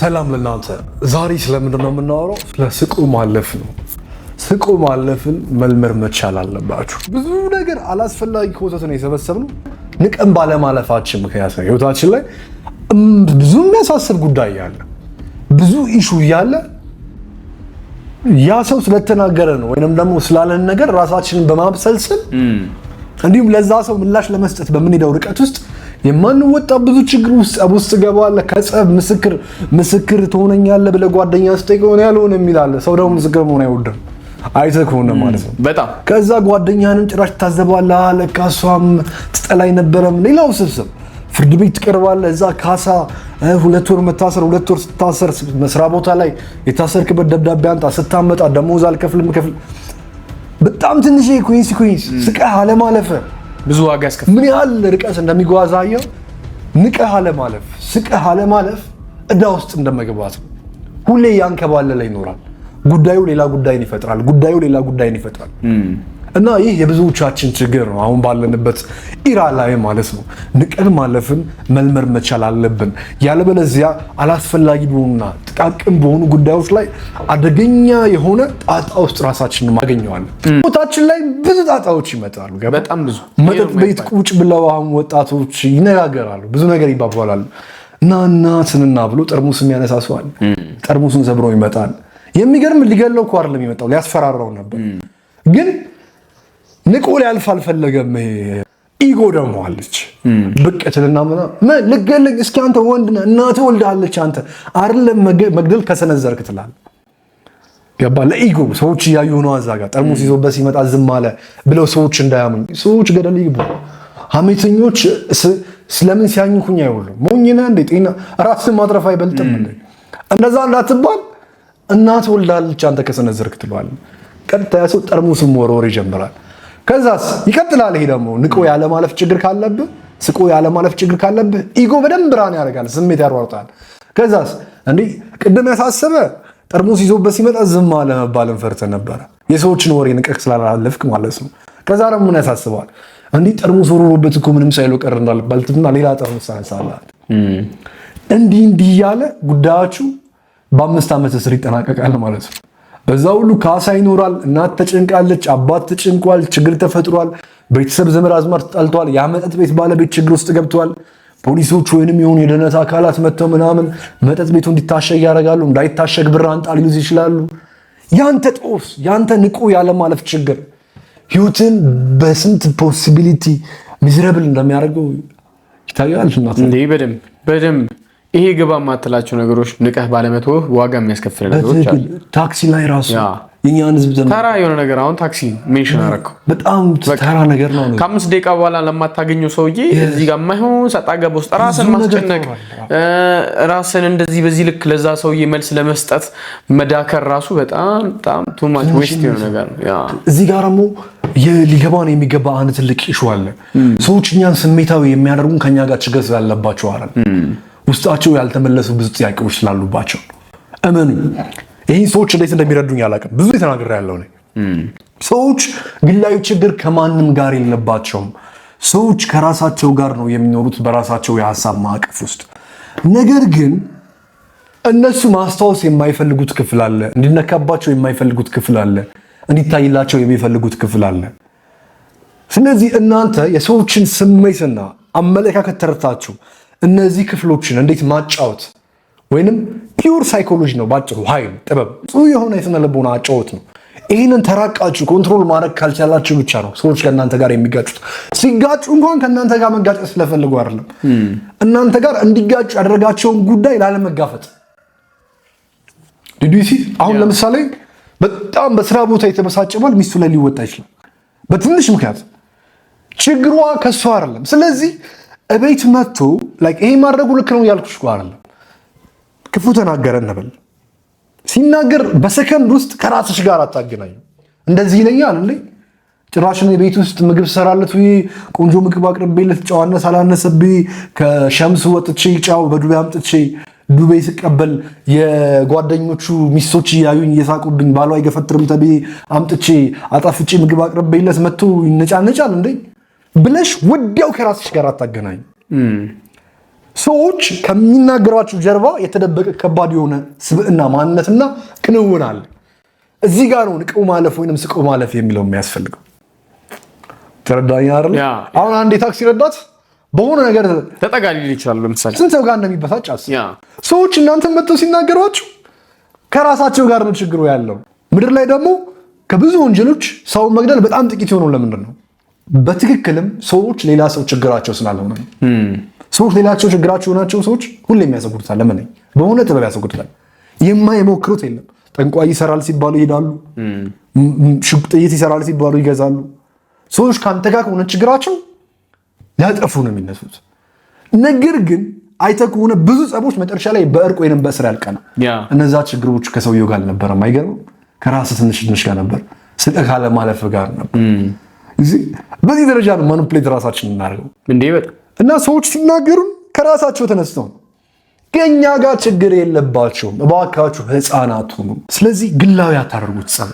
ሰላም ለእናንተ። ዛሬ ስለምንድን ነው የምናወራው? ስለ ስቆ ማለፍ ነው። ስቆ ማለፍን መልመር መቻል አለባችሁ። ብዙ ነገር አላስፈላጊ ኮተት ነው የሰበሰብነው ንቀን ባለማለፋችን ምክንያት ነው። ህይወታችን ላይ ብዙ የሚያሳስብ ጉዳይ ያለ ብዙ ኢሹ እያለ ያ ሰው ስለተናገረ ነው ወይንም ደግሞ ስላለን ነገር ራሳችንን በማብሰልሰል እንዲሁም ለዛ ሰው ምላሽ ለመስጠት በምንሄደው ርቀት ውስጥ የማንወጣ ብዙ ችግር ውስጥ ውስጥ ገባለ። ከጸብ ምስክር ምስክር ትሆነኛለህ ብለህ ጓደኛ ስጠይቀው እኔ አልሆንም ይላል። ሰው ደግሞ ምስክር መሆን አይወድም። አይተህ ከሆነ ማለት ነው በጣም ከዛ ጓደኛንም ጭራሽ ታዘባለህ። ለካ እሷም ትጠላኝ ነበረም ሌላው ስብስብ ፍርድ ቤት ትቀርባለህ። እዛ ካሳ ሁለት ወር መታሰር፣ ሁለት ወር ስታሰር መስራ ቦታ ላይ የታሰርክበት ደብዳቤ አንጣ ስታመጣ ደሞዝ አልከፍልም ከፍል በጣም ትንሽ ኮይንስ ኮይንስ ስቃይ አለማለፈ ብዙ ዋጋ ያስከፍል። ምን ያህል ርቀት እንደሚጓዝ አየው። ንቀህ አለማለፍ፣ ስቀህ አለማለፍ እዳ ውስጥ እንደመግባት ነው። ሁሌ ያንከባለለ ይኖራል። ጉዳዩ ሌላ ጉዳይን ይፈጥራል። ጉዳዩ ሌላ ጉዳይን ይፈጥራል። እና ይህ የብዙዎቻችን ችግር ነው። አሁን ባለንበት ኢራ ላይ ማለት ነው። ንቀን ማለፍን መልመድ መቻል አለብን። ያለበለዚያ አላስፈላጊ በሆኑና ጥቃቅን በሆኑ ጉዳዮች ላይ አደገኛ የሆነ ጣጣ ውስጥ ራሳችን ማገኘዋለን። ቦታችን ላይ ብዙ ጣጣዎች ይመጣሉ። በጣም ብዙ መጠጥ ቤት ቁጭ ብለው አሁን ወጣቶች ይነጋገራሉ፣ ብዙ ነገር ይባባላሉ። እናና ስንና ብሎ ጠርሙስ የሚያነሳ ጠርሙሱን ሰብሮ ይመጣል። የሚገርም ሊገለው እኮ አይደለም የመጣው ሊያስፈራራው ነበር ግን ንቆ ሊያልፍ አልፈለገም። ይሄ ኢጎ ደግሞ አለች ብቅ ትልና ምናምን ልገልግ እስኪ አንተ ወንድ ነህ እናትህ ወልዳለች አንተ አይደለም መግደል ከሰነዘርክ ትላል ገባ ለኢጎ ሰዎች እያዩ ሆኖ እዛ ጋር ጠርሙስ ይዞበት ሲመጣ ዝም አለ ብለው ሰዎች እንዳያምኑ ሰዎች ገደል ይግቡ። ሀሜተኞች ስለምን ሲያኝኩኝ አይሆኑም። ሞኝ ነህ እንዴ ጤና ራስን ማጥረፍ አይበልጥም እንደ እንደዛ እንዳትባል እናት ወልዳለች አንተ ከሰነዘርክ ትለዋለህ። ቀጥታ ያሰው ጠርሙስም ወርወር ይጀምራል። ከዛስ ይቀጥላል። ይሄ ደግሞ ንቆ ያለማለፍ ችግር ካለብህ ስቆ ያለማለፍ ችግር ካለብህ ኢጎ በደንብ ብርሃን ያደርጋል፣ ስሜት ያሯርጣል። ከዛስ እንዲህ ቅድም ያሳሰበ ጠርሙስ ይዞበት ሲመጣ ዝም መባልን ፈርተህ ነበረ፣ የሰዎችን ወሬ ንቀህ ስላላለፍክ ማለት ነው። ከዛ ደግሞ ምን ያሳስበዋል? እንዲህ ጠርሙስ ወሮሮበት እኮ ምንም ሳይለው ቀር እንዳልባልትና ሌላ ጠርሙስ ታነሳለህ። እንዲህ እንዲህ እያለ ጉዳያችሁ በአምስት ዓመት እስር ይጠናቀቃል ማለት ነው። በዛ ሁሉ ካሳ ይኖራል። እናት ተጨንቃለች፣ አባት ተጨንቋል፣ ችግር ተፈጥሯል፣ ቤተሰብ ዘመድ አዝማር ተጣልቷል፣ የመጠጥ ቤት ባለቤት ችግር ውስጥ ገብቷል። ፖሊሶች ወይንም የሆኑ የደህንነት አካላት መጥተው ምናምን መጠጥ ቤቱ እንዲታሸግ ያደርጋሉ። እንዳይታሸግ ብር አንጣ ሊሉት ይችላሉ። ያንተ ጦስ፣ ያንተ ንቁ ያለማለፍ ችግር ህይወትን በስንት ፖሲቢሊቲ ሚዝረብል እንደሚያደርገው ይታያል። በደንብ በደንብ ይሄ ግባ የማትላቸው ነገሮች ንቀህ ባለመተው ዋጋ የሚያስከፍል ነገሮች ታክሲ ላይ ራሱ የእኛን ህዝብ ተራ የሆነ ነገር አሁን ታክሲ ሜንሽን አደረገው። በጣም ተራ ነገር ነው። ከአምስት ደቂቃ በኋላ ለማታገኘው ሰውዬ እዚህ ጋር የማይሆን ሰጣ ገባ ውስጥ ራስን ማስጨነቅ፣ ራስን እንደዚህ በዚህ ልክ ለዛ ሰውዬ መልስ ለመስጠት መዳከር ራሱ በጣም በጣም ቱማች ዌስት የሆነ ነገር ነው። እዚህ ጋር ደግሞ ሊገባ ነው የሚገባ አንድ ትልቅ ይሹ አለ። ሰዎች እኛን ስሜታዊ የሚያደርጉን ከኛ ጋር ችግር ስላለባቸው አይደል ውስጣቸው ያልተመለሱ ብዙ ጥያቄዎች ስላሉባቸው እመኑ። ይህን ሰዎች እንዴት እንደሚረዱኝ አላውቅም። ብዙ የተናገረ ያለው ሰዎች ግላዊ ችግር ከማንም ጋር የለባቸውም። ሰዎች ከራሳቸው ጋር ነው የሚኖሩት በራሳቸው የሀሳብ ማዕቀፍ ውስጥ። ነገር ግን እነሱ ማስታወስ የማይፈልጉት ክፍል አለ፣ እንዲነካባቸው የማይፈልጉት ክፍል አለ፣ እንዲታይላቸው የሚፈልጉት ክፍል አለ። ስለዚህ እናንተ የሰዎችን ስሜትና አመለካከት ተረድታችሁ እነዚህ ክፍሎችን እንዴት ማጫወት ወይንም ፒውር ሳይኮሎጂ ነው ባጭሩ። ኃይል ጥበብ፣ ጥሩ የሆነ የስነ ልቦና አጫወት ነው። ይህንን ተራቃችሁ ኮንትሮል ማድረግ ካልቻላችሁ ብቻ ነው ሰዎች ከእናንተ ጋር የሚጋጩት። ሲጋጩ እንኳን ከእናንተ ጋር መጋጨት ስለፈልጉ አይደለም፣ hmm. እናንተ ጋር እንዲጋጩ ያደረጋቸውን ጉዳይ ላለመጋፈጥ። ዲዲሲ አሁን ለምሳሌ በጣም በስራ ቦታ የተበሳጨ ባል ሚስቱ ላይ ሊወጣ ይችላል፣ በትንሽ ምክንያት። ችግሯ ከሷ አይደለም። ስለዚህ እቤት መጥቶ ይሄ ማድረጉ ልክ ነው ያልኩሽ አይደለም። ክፉ ተናገረ እንበል ሲናገር በሰከንድ ውስጥ ከራስሽ ጋር አታገናኝ። እንደዚህ ይለኛል እ ጭራሽ የቤት ውስጥ ምግብ ሰራለት ቆንጆ ምግብ አቅርቤለት ጨዋነት አላነሰብኝ ከሸምስ ወጥቼ ጫው በዱቤ አምጥቼ ዱቤ ስቀበል የጓደኞቹ ሚስቶች እያዩኝ እየሳቁብኝ ባሏ አይገፈትርም ተብዬ አምጥቼ አጣፍጬ ምግብ አቅርቤለት መጥቶ ይነጫነጫል እንዴ! ብለሽ ወዲያው ከራስሽ ጋር አታገናኝ። ሰዎች ከሚናገሯቸው ጀርባ የተደበቀ ከባድ የሆነ ስብዕና ማንነትና ክንውን አለ። እዚህ ጋር ነው ንቆ ማለፍ ወይም ስቆ ማለፍ የሚለው የሚያስፈልገው። ተረዳኝ አይደል? አሁን አንድ የታክሲ ረዳት በሆነ ነገር ተጠጋሊ ይችላል። ለምሳሌ ስንት ሰው ጋር እንደሚበሳጭ አስ ሰዎች እናንተን መጥተው ሲናገሯችሁ ከራሳቸው ጋር ነው ችግሩ ያለው። ምድር ላይ ደግሞ ከብዙ ወንጀሎች ሰውን መግደል በጣም ጥቂት የሆነው ለምንድን ነው? በትክክልም ሰዎች ሌላ ሰው ችግራቸው ስላልሆነ ነው። ሰዎች ሌላ ሰው ችግራቸው የሆናቸው ሰዎች ሁሌም የሚያሰጉዱታል። ለምን በሆነ ጥበብ ያሰጉዱታል። የሞክሩት የለም። ጠንቋይ ይሰራል ሲባሉ ይሄዳሉ። ጥይት ይሰራል ሲባሉ ይገዛሉ። ሰዎች ከአንተ ጋር ከሆነ ችግራቸው ሊያጠፉ ነው የሚነሱት። ነገር ግን አይተ ከሆነ ብዙ ጸቦች መጨረሻ ላይ በእርቅ ወይም በእስር ያልቀና። እነዛ ችግሮች ከሰውየው ጋር አልነበረም። አይገርም? ከራስ ትንሽ ትንሽ ጋር ነበር። ስቀ ካለማለፍ ጋር ነበር። በዚህ ደረጃ ነው ማኑፕሌት ራሳችን እናደርገው እንዴ በጣም እና ሰዎች ሲናገሩን ከራሳቸው ተነስተው ነው። ከእኛ ጋር ችግር የለባቸውም። እባካችሁ ህፃናት ሁኑ። ስለዚህ ግላዊ ያታደርጉት ጸብ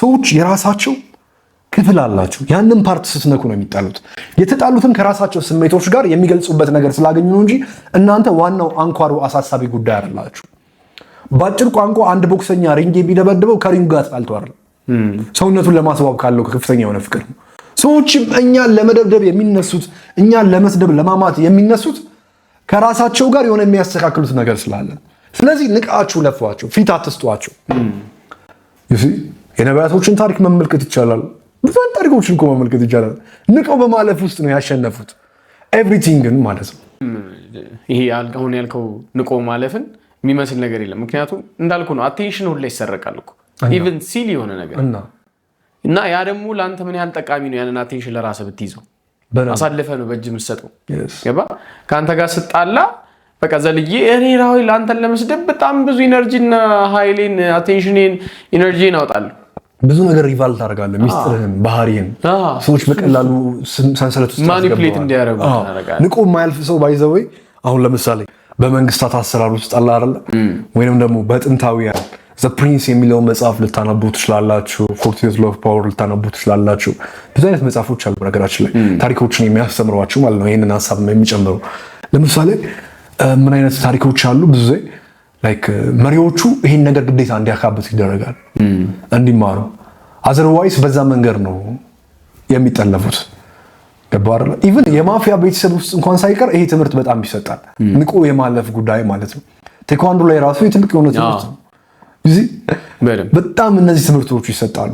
ሰዎች የራሳቸው ክፍል አላቸው። ያንን ፓርት ስትነኩ ነው የሚጣሉት። የተጣሉትን ከራሳቸው ስሜቶች ጋር የሚገልጹበት ነገር ስላገኙ ነው እንጂ እናንተ ዋናው አንኳሩ አሳሳቢ ጉዳይ አይደላችሁ። በአጭር ቋንቋ አንድ ቦክሰኛ ሪንግ የሚደበድበው ከሪንጉ ጋር ተጣልቶ አይደለም። ሰውነቱን ለማስዋብ ካለው ከፍተኛ የሆነ ፍቅር ነው። ሰዎችም እኛን ለመደብደብ የሚነሱት እኛን ለመስደብ ለማማት የሚነሱት ከራሳቸው ጋር የሆነ የሚያስተካክሉት ነገር ስላለ፣ ስለዚህ ንቃችሁ ለፏቸው፣ ፊት አትስጧቸው። የነቢያቶችን ታሪክ መመልከት ይቻላል። ብዙን ታሪኮችን እኮ መመልከት ይቻላል። ንቀው በማለፍ ውስጥ ነው ያሸነፉት ኤቭሪቲንግን ማለት ነው። ይሄ አሁን ያልከው ንቆ ማለፍን የሚመስል ነገር የለም። ምክንያቱም እንዳልኩ ነው፣ አቴንሽን ሁላ ይሰረቃል እኮ ኢቨን ሲል የሆነ ነገር እና ያ ደግሞ ለአንተ ምን ያህል ጠቃሚ ነው። ያንን አቴንሽን ለራስህ ብትይዘው አሳልፈ ነው በእጅ የምትሰጠው። ገባ ከአንተ ጋር ስጣላ በቃ ዘልዬ እኔ ራዊ ለአንተን ለመስደብ በጣም ብዙ ኢነርጂና ሀይሌን አቴንሽኔን ኢነርጂን አውጣለሁ። ብዙ ነገር ሪቫል ታደርጋለህ። ሚስጥርህን፣ ባህሪህን ሰዎች በቀላሉ ሰንሰለት ውስጥ ማኒፕሌት እንዲያደርጉ ንቆ የማያልፍ ሰው ባይዘወይ አሁን ለምሳሌ በመንግስታት አሰራር ውስጥ አለ አይደለ ወይንም ደግሞ በጥንታዊያን ዘ ፕሪንስ የሚለውን መጽሐፍ ልታነቡ ትችላላችሁ። ፎርቲንዝ ሎቭ ፓወር ልታነቡ ትችላላችሁ። ብዙ አይነት መጽሐፎች አሉ ነገራችን ላይ ታሪኮችን የሚያስተምሯችሁ ማለት ነው። ይህንን ሀሳብ የሚጨምሩ ለምሳሌ ምን አይነት ታሪኮች አሉ? ብዙ ላይክ መሪዎቹ ይህን ነገር ግዴታ እንዲያካበት ይደረጋል እንዲማሩ። አዘርዋይስ በዛ መንገድ ነው የሚጠለፉት። ገባር ኢቨን የማፊያ ቤተሰብ ውስጥ እንኳን ሳይቀር ይሄ ትምህርት በጣም ይሰጣል። ንቆ የማለፍ ጉዳይ ማለት ነው። ቴኳንዶ ላይ ራሱ የትልቅ የሆነ ትምህርት ነው። በጣም እነዚህ ትምህርቶቹ ይሰጣሉ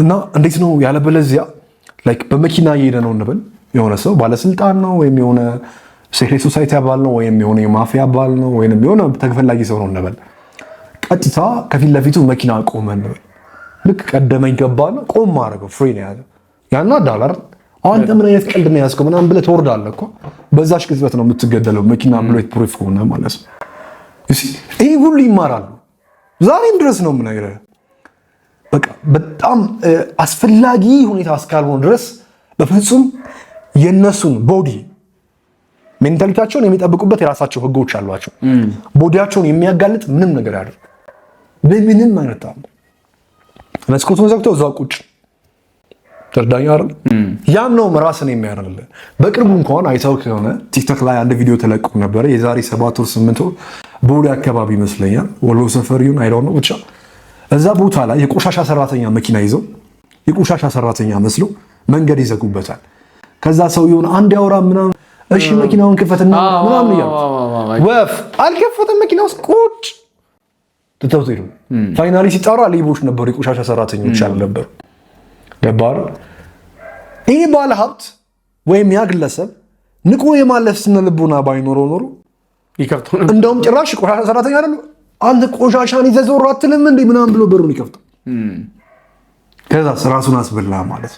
እና እንዴት ነው ያለበለዚያ ላይክ በመኪና እየሄደ ነው እንበል የሆነ ሰው ባለስልጣን ነው ወይም የሆነ ሴክሬት ሶሳይቲ አባል ነው ወይም የሆነ የማፊያ አባል ነው ወይም የሆነ ተፈላጊ ሰው ነው እንበል። ቀጥታ ከፊት ለፊቱ መኪና ቆመ እንበል። ልክ ቀደመኝ ነው ቆም ማድረገው ፍሪ ነው ያለ ያና ዳላር አንተ ምን አይነት ቀልድ ነው ያዝከው ምናምን ብለህ ትወርዳለህ እኮ በዛሽ ቅጽበት ነው የምትገደለው መኪና ብሎ የተፕሮፍ ከሆነ ማለት ነው። ይህ ሁሉ ይማራሉ። ዛሬም ድረስ ነው የምነግርህ። በቃ በጣም አስፈላጊ ሁኔታ እስካልሆነ ድረስ በፍጹም የነሱን ቦዲ ሜንታሊታቸውን የሚጠብቁበት የራሳቸው ህጎች አሏቸው። ቦዲያቸውን የሚያጋልጥ ምንም ነገር ያደርጉ በምንም አይነታ መስኮቱን ዘግተው እዛው ቁጭ ተርዳኛ አይደል? ያም ነው ራስን የሚያደርግልህ። በቅርቡ እንኳን አይተው ከሆነ ቲክቶክ ላይ አንድ ቪዲዮ ተለቆ ነበረ የዛሬ ሰባት ወር ስምንት ወር ቦሌ አካባቢ ይመስለኛል፣ ወሎ ሰፈር ይሁን አይደው ነው ብቻ እዛ ቦታ ላይ የቆሻሻ ሰራተኛ መኪና ይዘው የቆሻሻ ሰራተኛ መስሎ መንገድ ይዘጉበታል። ከዛ ሰው ይሁን አንድ ያወራ ምናምን፣ እሺ መኪናውን ክፈትና ምናምን እያሉት ወፍ አልከፈተም። መኪና ውስጥ ቁጭ ትተውት ሄዱ። ፋይናሊ ሲጠራ ሌቦች ነበሩ፣ የቆሻሻ ሰራተኞች አልነበሩ። ገባር ይህ ባለ ሀብት ወይም ያ ግለሰብ ንቆ የማለፍ ስነ ልቦና ባይኖረው ኖሮ ይከፍተው ነበር። እንደውም ጭራሽ ቆሻሻ ሰራተኛ አይደሉ አንተ ቆሻሻን ይዘህ ዞር አትልም እንዴ ምናምን ብሎ በሩን ይከፍተው። ከዛ ራሱን አስበላ ማለት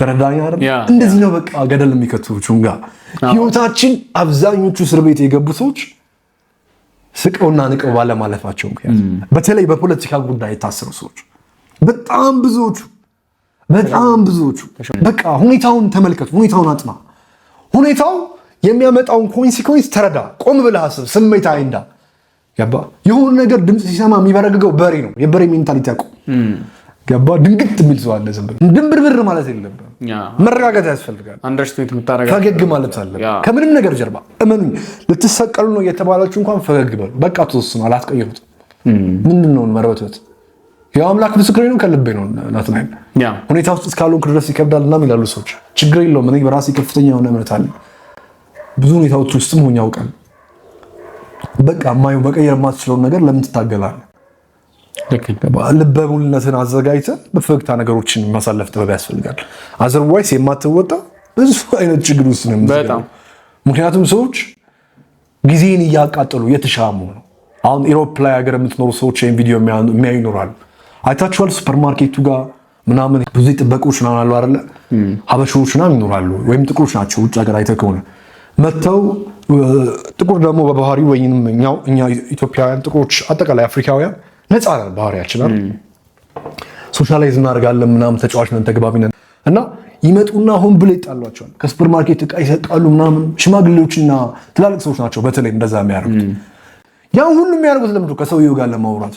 ተረዳኛ አይደል? እንደዚህ ነው በቃ ገደል የሚከቱ ቹንጋ ህይወታችን። አብዛኞቹ እስር ቤት የገቡ ሰዎች ስቀውና ንቀው ባለማለፋቸው ምክንያት በተለይ በፖለቲካ ጉዳይ የታሰሩ ሰዎች በጣም ብዙዎቹ በጣም ብዙዎቹ በቃ ሁኔታውን ተመልከቱ፣ ሁኔታውን አጥና ሁኔታው የሚያመጣውን ኮንሲኮንስ ተረዳ። ቆም ብለህ አስብ። ስሜት አይንዳ። ገባ? የሆኑ ነገር ድምፅ ሲሰማ የሚበረግገው በሬ ነው። የበሬ ሜንታሊቲ ያቁ ገባ? ድንግጥ የሚል ሰው አለ። ዝም ብለህ ድንብርብር ማለት የለብህም። መረጋጋት ያስፈልጋል። ፈገግ ማለት አለ። ከምንም ነገር ጀርባ እመኑኝ፣ ልትሰቀሉ ነው የተባላችሁ እንኳን ፈገግ በሉ። በቃ ተወስኑ። አላትቀየሩትም። ምንድን ነው መረበትበት ያው አምላክ ምስክሬ ነው፣ ከልቤ ነው። ናትናኤል ሁኔታ ውስጥ እስካልሆንክ ድረስ ይከብዳል ምናምን ይላሉ ሰዎች። ችግር የለውም እኔ በራሴ ከፍተኛ የሆነ እምነት አለ። ብዙ ሁኔታዎች ውስጥ ሆኜ ያውቃል። በቃ ማየው መቀየር የማትችለውን ነገር ለምን ትታገላለህ? ልበ ሙሉነትን አዘጋጅተን በፈገግታ ነገሮችን ማሳለፍ ጥበብ ያስፈልጋል። አዘርዋይስ የማትወጣ ብዙ አይነት ችግር ውስጥ ነው። ምክንያቱም ሰዎች ጊዜን እያቃጠሉ የተሻሙ ነው። አሁን ኢሮፕ ላይ ሀገር የምትኖሩ ሰዎች ይህን ቪዲዮ የሚያዩ ይኖራሉ። አይታችኋል። ሱፐርማርኬቱ ጋር ምናምን ብዙ ጥበቆች ምናምን አሉ አይደለ? ሀበሾች ምናምን ይኖራሉ፣ ወይም ጥቁሮች ናቸው ውጭ ሀገር አይተህ ከሆነ መጥተው ጥቁር ደግሞ በባህሪ ወይም እኛ ኢትዮጵያውያን ጥቁሮች አጠቃላይ አፍሪካውያን ነፃ ነን፣ ባህሪያችን አይደል ሶሻላይዝ እናደርጋለን ምናምን ተጫዋች ነን፣ ተግባቢ ነን እና ይመጡና ሆን ብለው ይጣሏቸዋል። ከሱፐር ማርኬት እቃ ይሰጣሉ ምናምን። ሽማግሌዎችና ትላልቅ ሰዎች ናቸው በተለይ እንደዛ የሚያደርጉት። ያ ሁሉ የሚያደርጉት ለምንድን ከሰውየው ጋር ለማውራት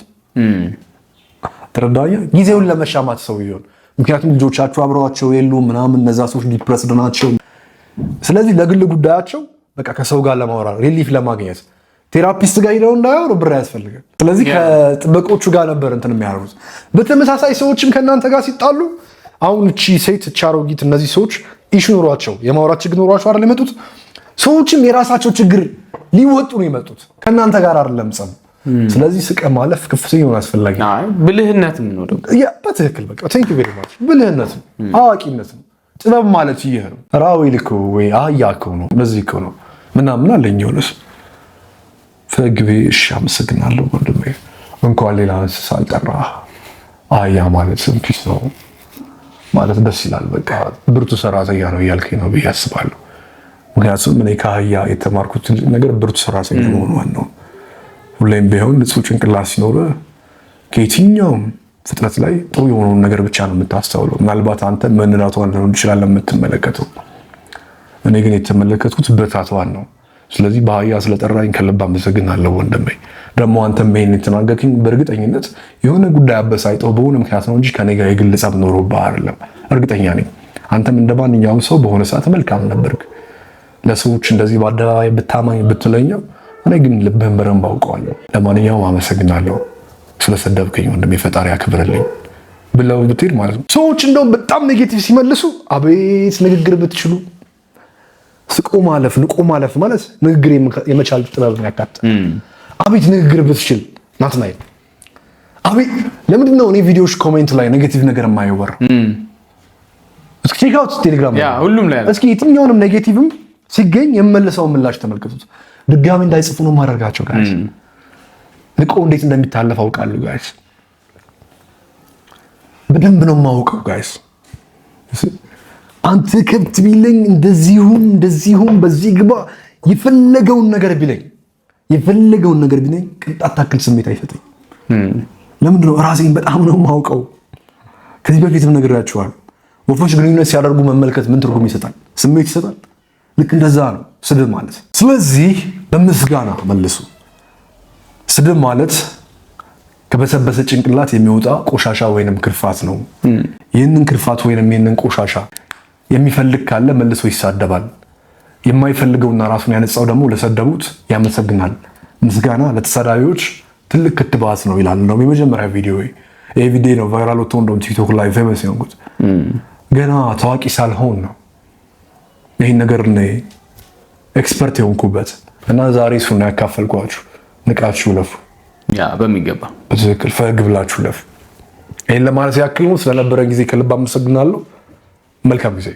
ተረዳኸኝ? ጊዜውን ለመሻማት ሰውየውን። ምክንያቱም ልጆቻቸው አብረዋቸው የሉ ምናምን፣ እነዛ ሰዎች ዲፕረስድ ናቸው። ስለዚህ ለግል ጉዳያቸው በቃ ከሰው ጋር ለማውራት ሪሊፍ ለማግኘት ቴራፒስት ጋር ሄደው እንዳያወሩ ብር ያስፈልጋል። ስለዚህ ከጥበቆቹ ጋር ነበር እንትን የሚያደርጉት። በተመሳሳይ ሰዎችም ከእናንተ ጋር ሲጣሉ አሁን እቺ ሴት እቺ አሮጊት እነዚህ ሰዎች ኢሹ ኖሯቸው የማውራት ችግር ኖሯቸው አይደል የመጡት። ሰዎችም የራሳቸው ችግር ሊወጡ ነው የመጡት ከእናንተ ጋር አይደለም ጸብ። hmm. ስለዚህ ስቀ ማለፍ ክፍት ሆን አስፈላጊ ብልህነት ነው። በትክክል በቃ ብልህነት አዋቂነት ነው። ጥበብ ማለት ይህ ነው። ራዊ ልክ ወይ አህያ ከው ነው በዚህ ከው ነው ምናምን አለኝ። የሆነስ ፈግቤ እሺ፣ አመሰግናለሁ ወንድሜ፣ እንኳን ሌላ እንስሳ አልጠራ። አህያ ማለት ስንፊስ ነው ማለት ደስ ይላል። በቃ ብርቱ ሰራተኛ ነው እያልከኝ ነው ብዬ አስባለሁ። ምክንያቱም እኔ ከአህያ የተማርኩት ነገር ብርቱ ሰራተኛ መሆኗን ነው። ሁሌም ቢሆን ንጹህ ጭንቅላት ሲኖረ ከየትኛውም ፍጥነት ላይ ጥሩ የሆነውን ነገር ብቻ ነው የምታስተውለው። ምናልባት አንተ መንዳቷን ሊሆን ይችላል የምትመለከተው፣ እኔ ግን የተመለከትኩት ብርታቷን ነው። ስለዚህ በአህያ ስለጠራኝ ከልብ አመሰግናለሁ ወንድሜ። ደግሞ አንተ ይሄን የተናገርከኝ በእርግጠኝነት የሆነ ጉዳይ አበሳጭተው በሆነ ምክንያት ነው እንጂ ከኔ ጋር የግል ጸብ ኖሮብህ አይደለም። እርግጠኛ ነኝ አንተም እንደ ማንኛውም ሰው በሆነ ሰዓት መልካም ነበርክ። ለሰዎች እንደዚህ በአደባባይ ብታማኝ ብትለኛው፣ እኔ ግን ልብህን በደንብ አውቀዋለሁ። ለማንኛውም አመሰግናለሁ። ስለሰደብክኝ ወንድም የፈጣሪ ያክብርልኝ ብለው ብትሄድ ማለት ነው። ሰዎች እንደውም በጣም ኔጌቲቭ ሲመልሱ አቤት ንግግር ብትችሉ ስቆ ማለፍ ንቆ ማለፍ ማለት ንግግር የመቻል ጥበብ ነው ያካትታል። አቤት ንግግር ብትችል ናትናይ፣ አቤት ለምንድን ነው እኔ ቪዲዮዎች ኮሜንት ላይ ኔጌቲቭ ነገር የማይወር? እስኪ ቼክ አውት ቴሌግራም ሁሉም ላይ እስኪ የትኛውንም ኔጌቲቭም ሲገኝ የመለሰውን ምላሽ ተመልከቱት። ድጋሚ እንዳይጽፉ ነው ማደርጋቸው ጋር ንቆ እንዴት እንደሚታለፍ አውቃለሁ ጋይስ። በደንብ ነው የማውቀው ጋይስ። አንተ ከብት ቢለኝ እንደዚሁም እንደዚሁም በዚህ ግባ የፈለገውን ነገር ቢለኝ የፈለገውን ነገር ቢለኝ ቅንጣት ታክል ስሜት አይሰጠኝ። ለምንድነው ነው ራሴን በጣም ነው የማውቀው። ከዚህ በፊትም ነግሬያችኋለሁ። ወፎች ግንኙነት ሲያደርጉ መመልከት ምን ትርጉም ይሰጣል? ስሜት ይሰጣል። ልክ እንደዛ ነው ስድብ ማለት። ስለዚህ በምስጋና መልሱ። ስድብ ማለት ከበሰበሰ ጭንቅላት የሚወጣ ቆሻሻ ወይንም ክርፋት ነው። ይህንን ክርፋት ወይንም ይህንን ቆሻሻ የሚፈልግ ካለ መልሶ ይሳደባል። የማይፈልገውና ራሱን ያነጻው ደግሞ ለሰደቡት ያመሰግናል። ምስጋና ለተሳዳቢዎች ትልቅ ክትባት ነው ይላል። ነው የመጀመሪያ ቪዲዮ ይህ ቪዲዮ ነው ቫይራል ወጥቶ እንደውም ቲክቶክ ላይ ፌመስ የሆንኩት ገና ታዋቂ ሳልሆን ነው ይህን ነገር ኤክስፐርት የሆንኩበት እና ዛሬ እሱን ያካፈልኳችሁ። ንቃችሁ ለፉ፣ በሚገባ በትክክል ፈግ ብላችሁ ለፉ። ይህን ለማለት ያክል ነው። ስለነበረ ጊዜ ከልብ አመሰግናለሁ። መልካም ጊዜ